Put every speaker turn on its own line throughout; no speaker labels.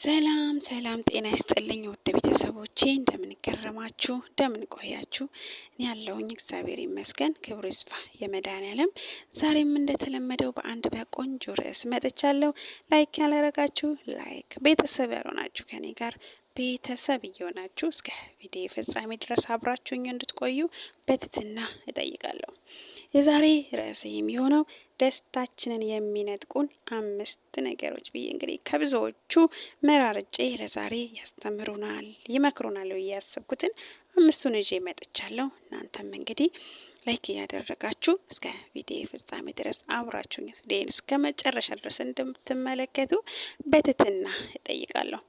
ሰላም ሰላም፣ ጤና ይስጥልኝ ውድ ቤተሰቦቼ፣ እንደምንገረማችሁ እንደምን ቆያችሁ? እኔ ያለውኝ እግዚአብሔር ይመስገን፣ ክብሩ ይስፋ የመድኃኔዓለም። ዛሬም እንደተለመደው በአንድ በቆንጆ ርዕስ መጥቻለሁ። ላይክ ያላረጋችሁ ላይክ፣ ቤተሰብ ያልሆናችሁ ከኔ ጋር ቤተሰብ እየሆናችሁ እስከ ቪዲዮ ፍጻሜ ድረስ አብራችሁኝ እንድትቆዩ በትትና እጠይቃለሁ። የዛሬ ርዕስ የሚሆነው ደስታችንን የሚነጥቁን አምስት ነገሮች ብዬ እንግዲህ ከብዙዎቹ መራርጬ ለዛሬ ያስተምሩናል፣ ይመክሩናል ብዬ ያሰብኩትን አምስቱን ይዤ መጥቻለሁ። እናንተም እንግዲህ ላይክ እያደረጋችሁ እስከ ቪዲዮ ፍጻሜ ድረስ አብራችሁኝ እስከ መጨረሻ ድረስ እንደምትመለከቱ በትትና እጠይቃለሁ።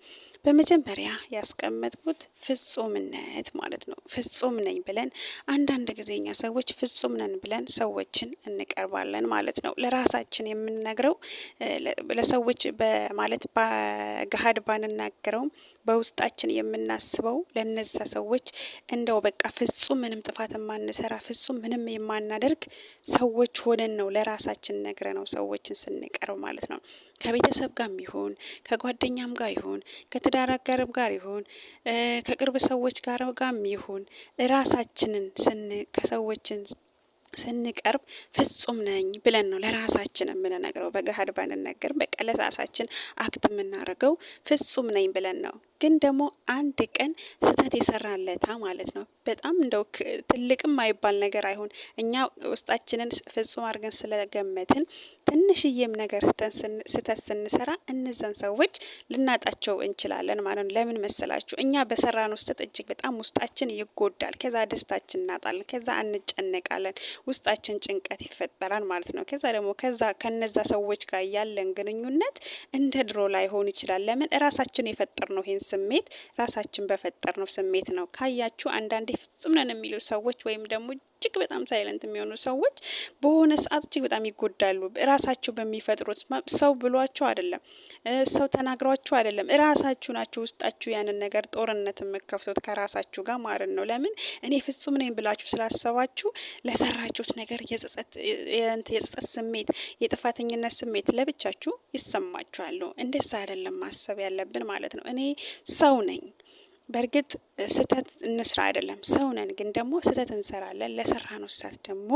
በመጀመሪያ ያስቀመጥኩት ፍጹምነት ማለት ነው። ፍጹም ነኝ ብለን አንዳንድ ጊዜኛ ሰዎች ፍጹም ነን ብለን ሰዎችን እንቀርባለን ማለት ነው። ለራሳችን የምንነግረው ለሰዎች በማለት በገሀድ ባንናገረውም በውስጣችን የምናስበው ለነዛ ሰዎች እንደው በቃ ፍጹም ምንም ጥፋት የማንሰራ ፍጹም ምንም የማናደርግ ሰዎች ሆነን ነው ለራሳችን ነግረ ነው ሰዎችን ስንቀርብ ማለት ነው። ከቤተሰብ ጋርም ይሁን ከጓደኛም ጋር ይሁን ከትዳር አጋርም ጋር ይሁን ከቅርብ ሰዎች ጋር ጋርም ይሁን ራሳችንን ስን ከሰዎችን ስንቀርብ ፍጹም ነኝ ብለን ነው ለራሳችን የምንነግረው። በገሀድ ባንነገር በቃ ለራሳችን አክት የምናደርገው ፍጹም ነኝ ብለን ነው። ግን ደግሞ አንድ ቀን ስህተት የሰራለታ ማለት ነው። በጣም እንደው ትልቅም አይባል ነገር አይሆን። እኛ ውስጣችንን ፍጹም አድርገን ስለገመትን ትንሽዬም ነገር ስህተት ስንሰራ እነዛን ሰዎች ልናጣቸው እንችላለን ማለት ነው። ለምን መሰላችሁ? እኛ በሰራነው ስህተት እጅግ በጣም ውስጣችን ይጎዳል። ከዛ ደስታችን እናጣለን። ከዛ እንጨነቃለን። ውስጣችን ጭንቀት ይፈጠራል ማለት ነው። ከዛ ደግሞ ከዛ ከነዛ ሰዎች ጋር ያለን ግንኙነት እንደ ድሮ ላይሆን ይችላል። ለምን ራሳችን የፈጠር ነው ስሜት ራሳችን በፈጠር ነው ስሜት ነው። ካያችሁ አንዳንዴ ፍጹም ነን የሚሉ ሰዎች ወይም ደግሞ እጅግ በጣም ሳይለንት የሚሆኑ ሰዎች በሆነ ሰዓት እጅግ በጣም ይጎዳሉ። እራሳቸው በሚፈጥሩት ሰው ብሏቸው አይደለም፣ ሰው ተናግሯቸው አይደለም። እራሳችሁ ናችሁ ውስጣችሁ ያንን ነገር ጦርነት የምከፍቱት ከራሳችሁ ጋር ማለት ነው። ለምን እኔ ፍጹም ነኝ ብላችሁ ስላሰባችሁ ለሰራችሁት ነገር የጸጸት ስሜት፣ የጥፋተኝነት ስሜት ለብቻችሁ ይሰማችኋሉ እንደዛ አይደለም ማሰብ ያለብን ማለት ነው። እኔ ሰው ነኝ በእርግጥ ስህተት እንስራ አይደለም ሰውነን፣ ግን ደግሞ ስህተት እንሰራለን። ለሰራነው ስህተት ደግሞ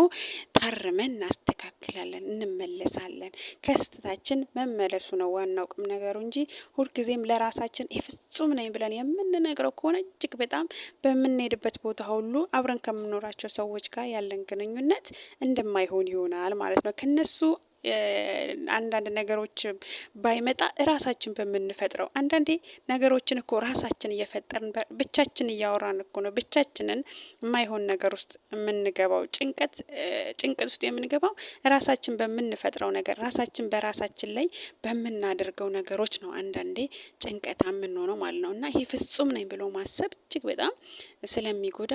ታርመን እናስተካክላለን፣ እንመለሳለን። ከስህተታችን መመለሱ ነው ዋናው ቁም ነገሩ እንጂ ሁልጊዜም ለራሳችን የፍጹም ነኝ ብለን የምንነግረው ከሆነ እጅግ በጣም በምንሄድበት ቦታ ሁሉ አብረን ከምኖራቸው ሰዎች ጋር ያለን ግንኙነት እንደማይሆን ይሆናል ማለት ነው ከነሱ አንዳንድ ነገሮች ባይመጣ እራሳችን በምንፈጥረው አንዳንዴ ነገሮችን እኮ ራሳችን እየፈጠርን ብቻችን እያወራን እኮ ነው ብቻችንን የማይሆን ነገር ውስጥ የምንገባው። ጭንቀት ጭንቀት ውስጥ የምንገባው ራሳችን በምንፈጥረው ነገር ራሳችን በራሳችን ላይ በምናደርገው ነገሮች ነው። አንዳንዴ ጭንቀት የምንሆነው ማለት ነው እና ይሄ ፍጹም ነኝ ብሎ ማሰብ እጅግ በጣም ስለሚጎዳ፣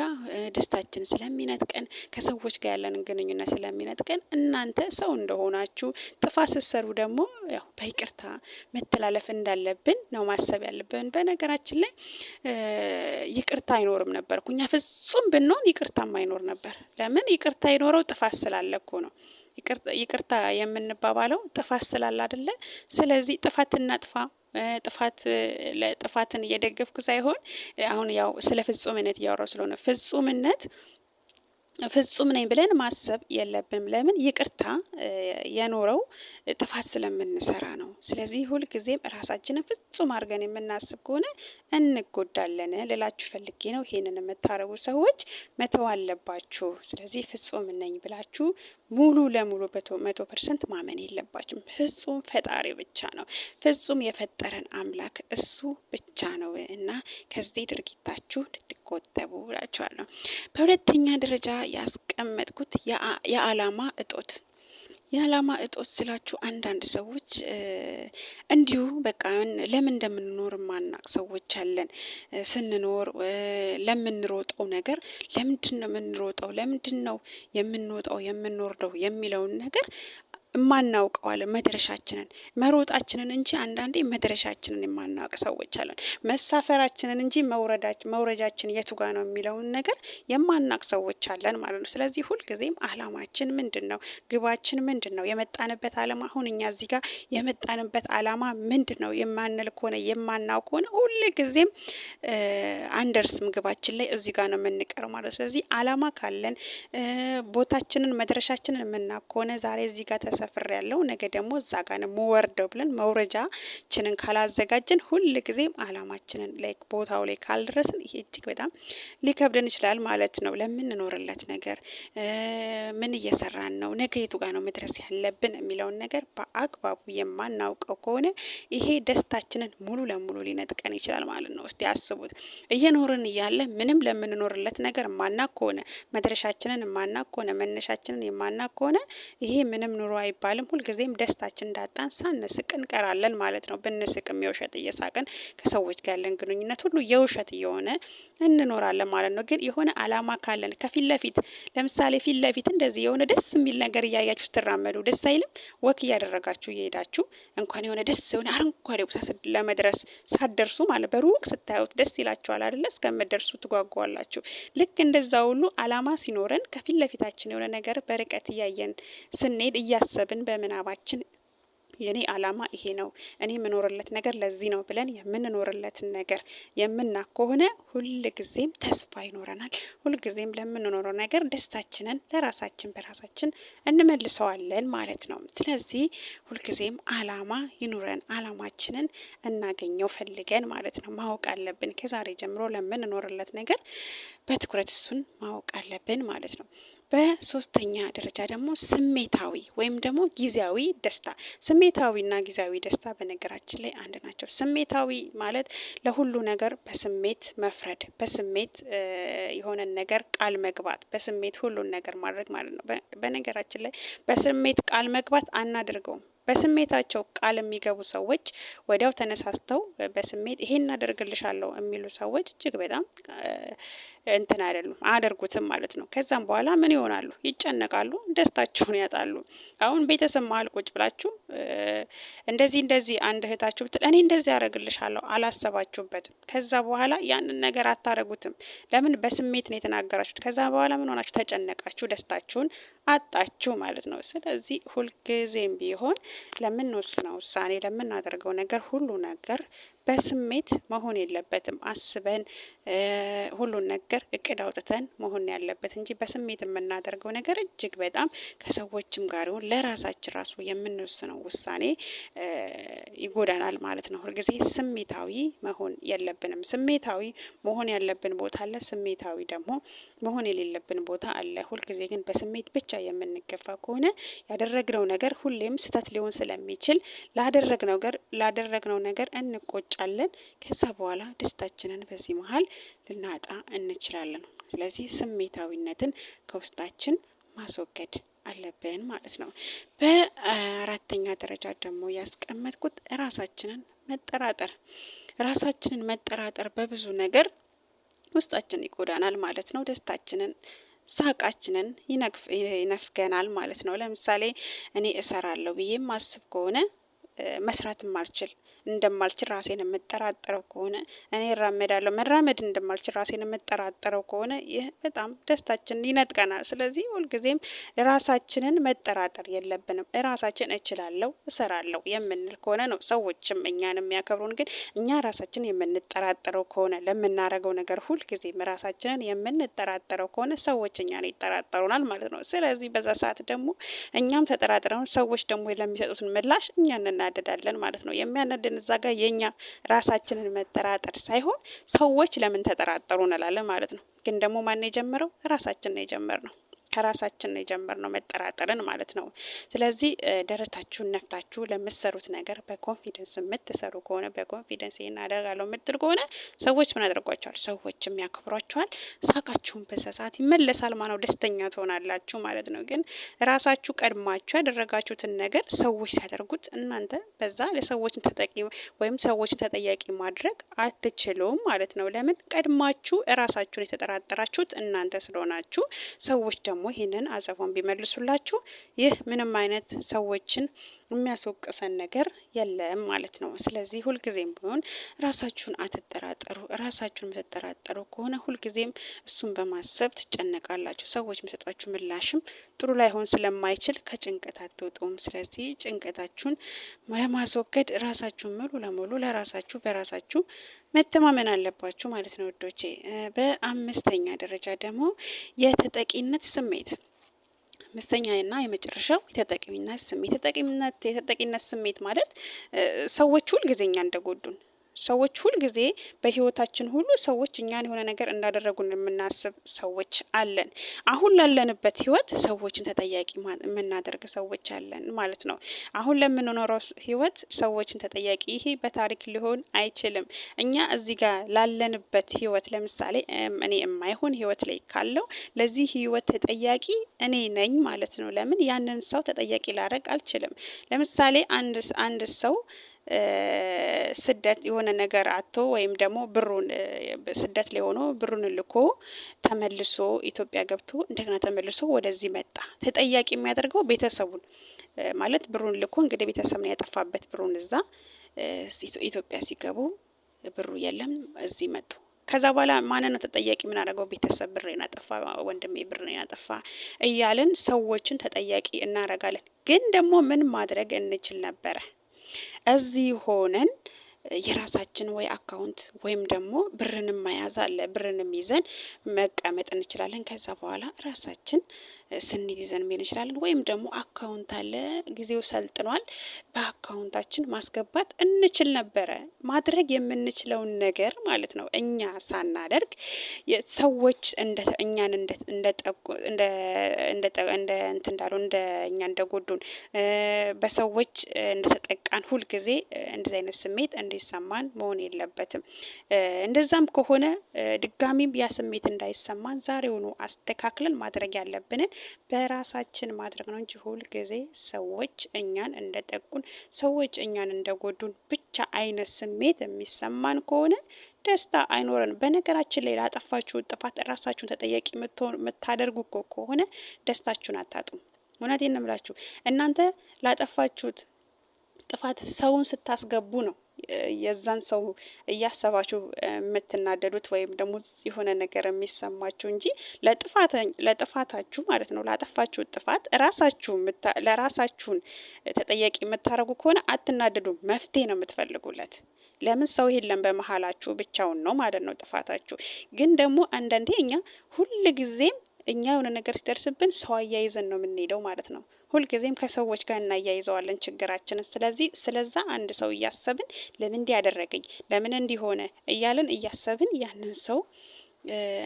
ደስታችን ስለሚነጥቀን፣ ከሰዎች ጋር ያለንን ግንኙነት ስለሚነጥቀን እናንተ ሰው እንደሆነ ። ሰርታችሁ ጥፋት ስትሰሩ ደግሞ ያው በይቅርታ መተላለፍ እንዳለብን ነው ማሰብ ያለብን። በነገራችን ላይ ይቅርታ አይኖርም ነበር እኮ እኛ ፍጹም ብንሆን ይቅርታም አይኖር ነበር። ለምን ይቅርታ የኖረው ጥፋት ስላለ እኮ ነው። ይቅርታ የምንባባለው ጥፋት ስላለ አይደለ? ስለዚህ ጥፋት እናጥፋ ጥፋት ለጥፋትን እየደገፍኩ ሳይሆን አሁን ያው ስለ ፍጹምነት እያወራው ስለሆነ ፍጹምነት ፍጹም ነኝ ብለን ማሰብ የለብንም። ለምን ይቅርታ የኖረው ጥፋት ስለምንሰራ ነው። ስለዚህ ሁልጊዜም ራሳችንን ፍጹም አድርገን የምናስብ ከሆነ እንጎዳለን ልላችሁ ፈልጌ ነው። ይሄንን የምታረቡ ሰዎች መተው አለባችሁ። ስለዚህ ፍጹም ነኝ ብላችሁ ሙሉ ለሙሉ መቶ ፐርሰንት ማመን የለባችም። ፍጹም ፈጣሪ ብቻ ነው፣ ፍጹም የፈጠረን አምላክ እሱ ብቻ ነው እና ከዚህ ድርጊታችሁ እንድትቆጠቡ ብላችኋለሁ። በሁለተኛ ደረጃ ያስቀመጥኩት የአላማ እጦት የዓላማ እጦት ስላችሁ አንዳንድ ሰዎች እንዲሁ በቃ ለምን እንደምንኖር ማናቅ ሰዎች አለን። ስንኖር ለምንሮጠው ነገር ለምንድን ነው የምንሮጠው፣ ለምንድን ነው የምንወጣው፣ የምንወርደው የሚለውን ነገር የማናውቀው መድረሻችንን መሮጣችንን እንጂ አንዳንዴ መድረሻችንን የማናውቅ ሰዎች አለን። መሳፈራችንን እንጂ መውረጃችን የቱጋ ነው የሚለውን ነገር የማናውቅ ሰዎች አለን ማለት ነው። ስለዚህ ሁልጊዜም አላማችን ምንድን ነው? ግባችን ምንድን ነው? የመጣንበት አላማ አሁን እኛ እዚህ ጋር የመጣንበት አላማ ምንድን ነው የማንል ከሆነ የማናውቅ ከሆነ ጊዜም አንደርስም ግባችን ላይ እዚህ ጋር ነው የምንቀር ማለት ነው። ስለዚህ አላማ ካለን ቦታችንን መድረሻችንን የምናውቅ ከሆነ ዛሬ እዚህ ጋር ሰፍር ያለው ነገ ደግሞ እዛ ጋ ነው ምወርደው ብለን ችንን ካላዘጋጀን ሁል ጊዜም አላማችንን ላይክ ቦታው ላይ ካልደረስን ይሄ እጅግ በጣም ሊከብደን ይችላል ማለት ነው። ለምንኖርለት ነገር ምን እየሰራን ነው፣ ነገ የቱ ጋ ነው መድረስ ያለብን የሚለውን ነገር በአግባቡ የማናውቀው ከሆነ ይሄ ደስታችንን ሙሉ ለሙሉ ሊነጥቀን ይችላል ማለት ነው። እስቲ አስቡት እየኖርን እያለ ምንም ለምንኖርለት ነገር ማናቅ ከሆነ መድረሻችንን ማናቅ ከሆነ መነሻችንን የማናቅ ከሆነ ይሄ ምንም ኑሮ አይ አይባልም። ሁልጊዜም ደስታችን እንዳጣን ሳንስቅ እንቀራለን ማለት ነው። ብንስቅም የውሸት እየሳቅን ከሰዎች ጋር ያለን ግንኙነት ሁሉ የውሸት እየሆነ እንኖራለን ማለት ነው። ግን የሆነ አላማ ካለን ከፊት ለፊት ለምሳሌ ፊት ለፊት እንደዚህ የሆነ ደስ የሚል ነገር እያያችሁ ስትራመዱ ደስ አይልም? ወክ እያደረጋችሁ እየሄዳችሁ እንኳን የሆነ ደስ የሆነ አረንጓዴ ቦታ ለመድረስ ሳትደርሱ ማለት በሩቅ ስታዩት ደስ ይላችኋል አይደለ? እስከምደርሱ ትጓጓላችሁ። ልክ እንደዛ ሁሉ አላማ ሲኖረን ከፊት ለፊታችን የሆነ ነገር በርቀት እያየን ስንሄድ እያሰ ቤተሰብን በምናባችን የኔ አላማ ይሄ ነው፣ እኔ የምኖርለት ነገር ለዚህ ነው ብለን የምንኖርለትን ነገር የምና ከሆነ ሁል ጊዜም ተስፋ ይኖረናል። ሁል ጊዜም ለምንኖረው ነገር ደስታችንን ለራሳችን በራሳችን እንመልሰዋለን ማለት ነው። ስለዚህ ሁልጊዜም አላማ ይኑረን፣ አላማችንን እናገኘው ፈልገን ማለት ነው። ማወቅ አለብን። ከዛሬ ጀምሮ ለምንኖርለት ነገር በትኩረት እሱን ማወቅ አለብን ማለት ነው። በሶስተኛ ደረጃ ደግሞ ስሜታዊ ወይም ደግሞ ጊዜያዊ ደስታ። ስሜታዊና ጊዜያዊ ደስታ በነገራችን ላይ አንድ ናቸው። ስሜታዊ ማለት ለሁሉ ነገር በስሜት መፍረድ፣ በስሜት የሆነን ነገር ቃል መግባት፣ በስሜት ሁሉን ነገር ማድረግ ማለት ነው። በነገራችን ላይ በስሜት ቃል መግባት አናደርገውም። በስሜታቸው ቃል የሚገቡ ሰዎች ወዲያው ተነሳስተው በስሜት ይሄን አደርግልሻለሁ የሚሉ ሰዎች እጅግ በጣም እንትን አይደሉም አያደርጉትም ማለት ነው። ከዛም በኋላ ምን ይሆናሉ? ይጨነቃሉ፣ ደስታቸውን ያጣሉ። አሁን ቤተሰብ መሀል ቁጭ ብላችሁ እንደዚህ እንደዚህ አንድ እህታችሁ ብትል እኔ እንደዚህ ያደረግልሻለሁ አላሰባችሁበትም። ከዛ በኋላ ያንን ነገር አታደርጉትም ለምን? በስሜት ነው የተናገራችሁት። ከዛ በኋላ ምን ሆናችሁ? ተጨነቃችሁ፣ ደስታችሁን አጣችሁ ማለት ነው። ስለዚህ ሁልጊዜም ቢሆን ለምንወስነው ውሳኔ፣ ለምናደርገው ነገር ሁሉ ነገር በስሜት መሆን የለበትም። አስበን ሁሉን ነገር እቅድ አውጥተን መሆን ያለበት እንጂ በስሜት የምናደርገው ነገር እጅግ በጣም ከሰዎችም ጋር ይሁን ለራሳችን ራሱ የምንወስነው ውሳኔ ይጎዳናል ማለት ነው። ሁልጊዜ ስሜታዊ መሆን የለብንም። ስሜታዊ መሆን ያለብን ቦታ አለ፣ ስሜታዊ ደግሞ መሆን የሌለብን ቦታ አለ። ሁልጊዜ ግን በስሜት ብቻ የምንገፋ ከሆነ ያደረግነው ነገር ሁሌም ስህተት ሊሆን ስለሚችል ላደረግነው ነገር ላደረግነው ነገር እንቆጭ እንቋጫለን። ከዛ በኋላ ደስታችንን በዚህ መሀል ልናጣ እንችላለን። ስለዚህ ስሜታዊነትን ከውስጣችን ማስወገድ አለብን ማለት ነው። በአራተኛ ደረጃ ደግሞ ያስቀመጥኩት ራሳችንን መጠራጠር። ራሳችንን መጠራጠር በብዙ ነገር ውስጣችን ይጎዳናል ማለት ነው። ደስታችንን ሳቃችንን ይነፍገናል ማለት ነው። ለምሳሌ እኔ እሰራለሁ ብዬ ማስብ ከሆነ መስራት ማልችል እንደማልችል ራሴን የምጠራጠረው ከሆነ እኔ እራመዳለሁ መራመድ እንደማልችል ራሴን የምጠራጠረው ከሆነ ይህ በጣም ደስታችንን ይነጥቀናል። ስለዚህ ሁልጊዜም ራሳችንን መጠራጠር የለብንም። ራሳችን እችላለሁ፣ እሰራለሁ የምንል ከሆነ ነው ሰዎችም እኛን የሚያከብሩን። ግን እኛ ራሳችን የምንጠራጠረው ከሆነ ለምናረገው ነገር ሁልጊዜም ራሳችንን የምንጠራጠረው ከሆነ ሰዎች እኛን ይጠራጠሩናል ማለት ነው። ስለዚህ በዛ ሰዓት ደግሞ እኛም ተጠራጥረውን ሰዎች ደግሞ ለሚሰጡትን ምላሽ እኛንና እንናደዳለን ማለት ነው። የሚያነድን እዛ ጋር የእኛ ራሳችንን መጠራጠር ሳይሆን ሰዎች ለምን ተጠራጠሩ እንላለን ማለት ነው። ግን ደግሞ ማን የጀመረው ራሳችን ነው የጀመር ነው። ከራሳችን ነው የጀመርነው መጠራጠርን ማለት ነው። ስለዚህ ደረታችሁን ነፍታችሁ ለምትሰሩት ነገር በኮንፊደንስ የምትሰሩ ከሆነ በኮንፊደንስ ይህን አደርጋለሁ የምትል ከሆነ ሰዎች ምን አድርጓቸዋል? ሰዎችም ያከብሯቸዋል። ሳቃችሁን በሰሳት ይመለሳል። ማነው ደስተኛ ትሆናላችሁ ማለት ነው። ግን ራሳችሁ ቀድማችሁ ያደረጋችሁትን ነገር ሰዎች ሲያደርጉት እናንተ በዛ ለሰዎችን ተጠቂ ወይም ሰዎችን ተጠያቂ ማድረግ አትችሉም ማለት ነው። ለምን ቀድማችሁ እራሳችሁን የተጠራጠራችሁት እናንተ ስለሆናችሁ ሰዎች ደግሞ ደግሞ ይህንን አጸፎን ቢመልሱላችሁ ይህ ምንም አይነት ሰዎችን የሚያስወቅሰን ነገር የለም ማለት ነው። ስለዚህ ሁልጊዜም ቢሆን ራሳችሁን አትጠራጠሩ። ራሳችሁን የምትጠራጠሩ ከሆነ ሁልጊዜም እሱን በማሰብ ትጨነቃላችሁ። ሰዎች የሚሰጧችሁ ምላሽም ጥሩ ላይሆን ስለማይችል ከጭንቀት አትወጡም። ስለዚህ ጭንቀታችሁን ለማስወገድ ራሳችሁን ሙሉ ለሙሉ ለራሳችሁ በራሳችሁ መተማመን አለባችሁ ማለት ነው ውዶቼ። በአምስተኛ ደረጃ ደግሞ የተጠቂነት ስሜት አምስተኛና የመጨረሻው የተጠቂነት ስሜት የተጠቂነት የተጠቂነት ስሜት ማለት ሰዎች ሁልጊዜኛ እንደጎዱን ሰዎች ሁልጊዜ በህይወታችን ሁሉ ሰዎች እኛን የሆነ ነገር እንዳደረጉን የምናስብ ሰዎች አለን። አሁን ላለንበት ህይወት ሰዎችን ተጠያቂ የምናደርግ ሰዎች አለን ማለት ነው። አሁን ለምንኖረው ህይወት ሰዎችን ተጠያቂ ይሄ በታሪክ ሊሆን አይችልም። እኛ እዚህ ጋር ላለንበት ህይወት ለምሳሌ እኔ የማይሆን ህይወት ላይ ካለው ለዚህ ህይወት ተጠያቂ እኔ ነኝ ማለት ነው። ለምን ያንን ሰው ተጠያቂ ላረግ አልችልም። ለምሳሌ አንድ አንድ ሰው ስደት የሆነ ነገር አቶ ወይም ደግሞ ብሩን ስደት ላይ ሆኖ ብሩን ልኮ ተመልሶ ኢትዮጵያ ገብቶ እንደገና ተመልሶ ወደዚህ መጣ። ተጠያቂ የሚያደርገው ቤተሰቡን ማለት ብሩን ልኮ እንግዲህ ቤተሰብ ነው ያጠፋበት ብሩን እዛ ኢትዮጵያ ሲገቡ ብሩ የለም እዚህ መጡ። ከዛ በኋላ ማንን ነው ተጠያቂ የምናደርገው? ቤተሰብ ብር ናጠፋ፣ ወንድሜ ብር ናጠፋ እያልን ሰዎችን ተጠያቂ እናደርጋለን። ግን ደግሞ ምን ማድረግ እንችል ነበረ? እዚህ ሆነን የራሳችን ወይ አካውንት ወይም ደግሞ ብርንም መያዝ አለ። ብርንም ይዘን መቀመጥ እንችላለን። ከዛ በኋላ ራሳችን ስንል ይዘን መሄድ እንችላለን። ወይም ደግሞ አካውንት አለ፣ ጊዜው ሰልጥኗል፣ በአካውንታችን ማስገባት እንችል ነበረ። ማድረግ የምንችለውን ነገር ማለት ነው እኛ ሳናደርግ ሰዎች እኛን እንደ እንዳሉ እንደ እኛ እንደጎዱን በሰዎች እንደተጠቃን ሁልጊዜ እንደዚህ አይነት ስሜት እንዲሰማን መሆን የለበትም። እንደዛም ከሆነ ድጋሚም ያ ስሜት እንዳይሰማን ዛሬውኑ አስተካክለን ማድረግ ያለብንን በራሳችን ማድረግ ነው እንጂ ሁል ጊዜ ሰዎች እኛን እንደጠቁን፣ ሰዎች እኛን እንደጎዱን ብቻ አይነት ስሜት የሚሰማን ከሆነ ደስታ አይኖረን። በነገራችን ላይ ላጠፋችሁ ጥፋት ራሳችሁን ተጠያቂ የምታደርጉ ከሆነ ደስታችሁን አታጡም። እውነቴን ነው የምላችሁ እናንተ ላጠፋችሁት ጥፋት ሰውን ስታስገቡ ነው የዛን ሰው እያሰባችሁ የምትናደዱት ወይም ደግሞ የሆነ ነገር የሚሰማችሁ እንጂ ለጥፋታችሁ ማለት ነው ላጠፋችሁ ጥፋት ራሳችሁ ለራሳችሁን ተጠያቂ የምታደርጉ ከሆነ አትናደዱ። መፍትሄ ነው የምትፈልጉለት። ለምን ሰው የለም በመሀላችሁ ብቻውን ነው ማለት ነው ጥፋታችሁ። ግን ደግሞ አንዳንዴ እኛ ሁል ጊዜም እኛ የሆነ ነገር ሲደርስብን ሰው አያይዘን ነው የምንሄደው ማለት ነው። ሁልጊዜም ከሰዎች ጋር እናያይዘዋለን ችግራችንን። ስለዚህ ስለዛ አንድ ሰው እያሰብን ለምን እንዲያደረገኝ ለምን እንዲሆነ እያለን እያሰብን ያንን ሰው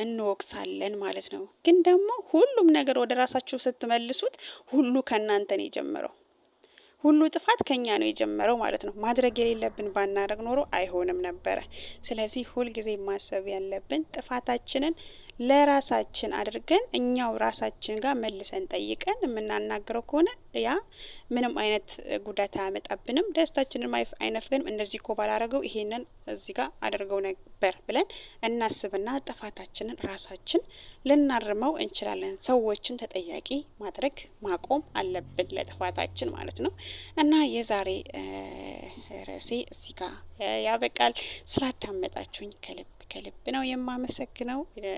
እንወቅሳለን ማለት ነው። ግን ደግሞ ሁሉም ነገር ወደ ራሳችሁ ስትመልሱት ሁሉ ከእናንተ ነው የጀመረው። ሁሉ ጥፋት ከኛ ነው የጀመረው ማለት ነው። ማድረግ የሌለብን ባናደረግ ኖሮ አይሆንም ነበረ። ስለዚህ ሁልጊዜ ማሰብ ያለብን ጥፋታችንን ለራሳችን አድርገን እኛው ራሳችን ጋር መልሰን ጠይቀን የምናናግረው ከሆነ ያ ምንም አይነት ጉዳት አያመጣብንም። ደስታችንን አይነፍገንም። እንደዚህ እኮ ባላረገው ይሄንን እዚህ ጋር አድርገው ነበር ብለን እናስብና ጥፋታችንን ራሳችን ልናርመው እንችላለን። ሰዎችን ተጠያቂ ማድረግ ማቆም አለብን ለጥፋታችን ማለት ነው። እና የዛሬ ርዕሴ እዚህ ጋር ያበቃል። ስላዳመጣችሁኝ ከልብ ከልብ ነው የማመሰግነው።